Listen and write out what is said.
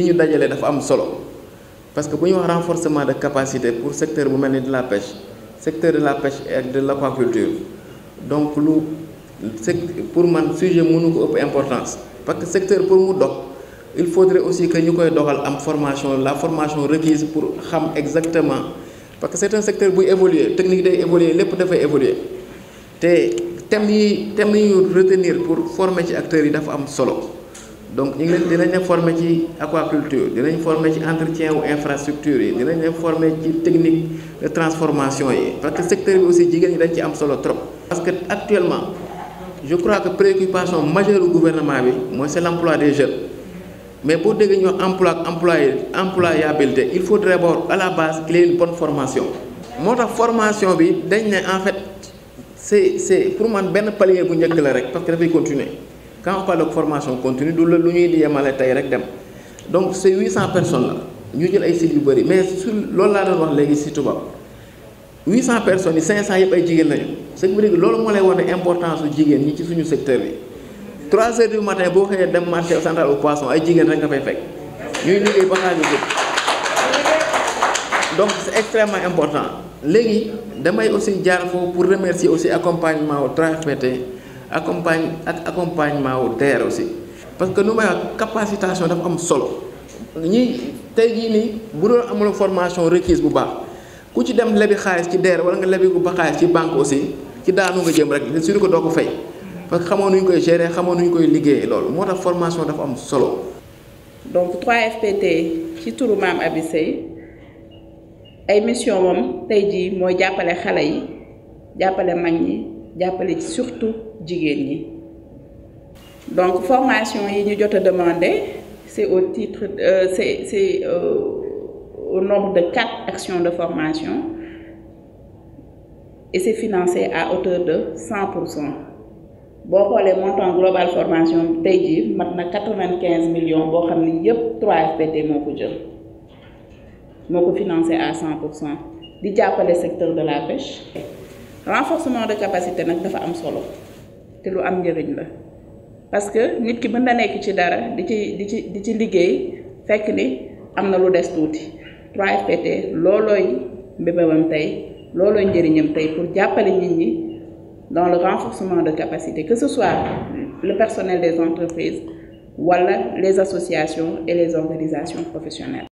nous devons faire dafa parce que nous avons un renforcement de capacité pour secteur de la pêche secteur de la pêche et de l'aquaculture donc pour moi, le sujet est ko parce que le secteur pour nous il faudrait aussi que nous ayons une formation la formation requise pour savoir exactement parce que c'est un secteur évolue, évoluer technique day évoluer lépp évoluer Et thèmes yi retenir pour former les acteurs yi dafa solo donc nous y nous des former ci aquaculture former ci entretien ou infrastructure yi dinañ technique de transformation parce que le secteur aussi il dañ ci am trop. parce qu'actuellement, je crois que la préoccupation majeure du gouvernement c'est l'emploi des jeunes mais pour déggee ñu emploi employabilité il faudrait d'abord à la base qu'il y une bonne formation. Moi la formation en fait c'est c'est pour moi benn palier bu la parce que dafay continuer quand on parle de formation continue, nous sommes les malades de Donc, ces 800 personnes-là, nous avons des cellules Mais sur l'autre côté, nous avons des 800 personnes, 500 personnes, Ce nous avons des cellules. C'est ce que je veux dire, l'importance des cellules dans notre secteur. 3 heures du matin, si vous êtes marché au central au poisson, les cellules sont faites. Nous avons des cellules les cellules. Donc, c'est extrêmement important. Maintenant, je vais aussi dire pour remercier aussi l'accompagnement au transmettre. accompagne ak accompagnement wu DER aussi parce que nu may wax capacitation dafa am solo ñi tey jii nii bu doon amul formation requise bu baax ku ci dem lebi xaalis ci DER wala nga lebi bu ba xaalis ci banque aussi ci daanu nga jëm rek surtout que doo ko fay parce que xamoon nu ñu koy gérer xamoon nu ñu koy liggéeyee loolu moo tax formation dafa am solo. donc 3FPT ci turu maam Abi Seye ay mission moom tey jii mooy jàppale xale yi jàppale mag ñi. jàppale appelé surtout jigéen ñi donc formation yi ñu jotta a c'est au titre euh, c'est euh, au nombre de quatre actions de formation et c'est financé à hauteur de 100%. pour les montants globaux montant global formation tey maintenant mat na millions boo xam 3FPT mon ko mon financé à 100%. pour cent di secteur de la pêche renforcement de capacité nak dafa am solo te lu am parce que nit ki mën na ci dara di ci di ci liggéey des 3FPT pour jàppale nit dans le renforcement de capacité que ce soit le personnel des entreprises wala les associations et les organisations professionnelles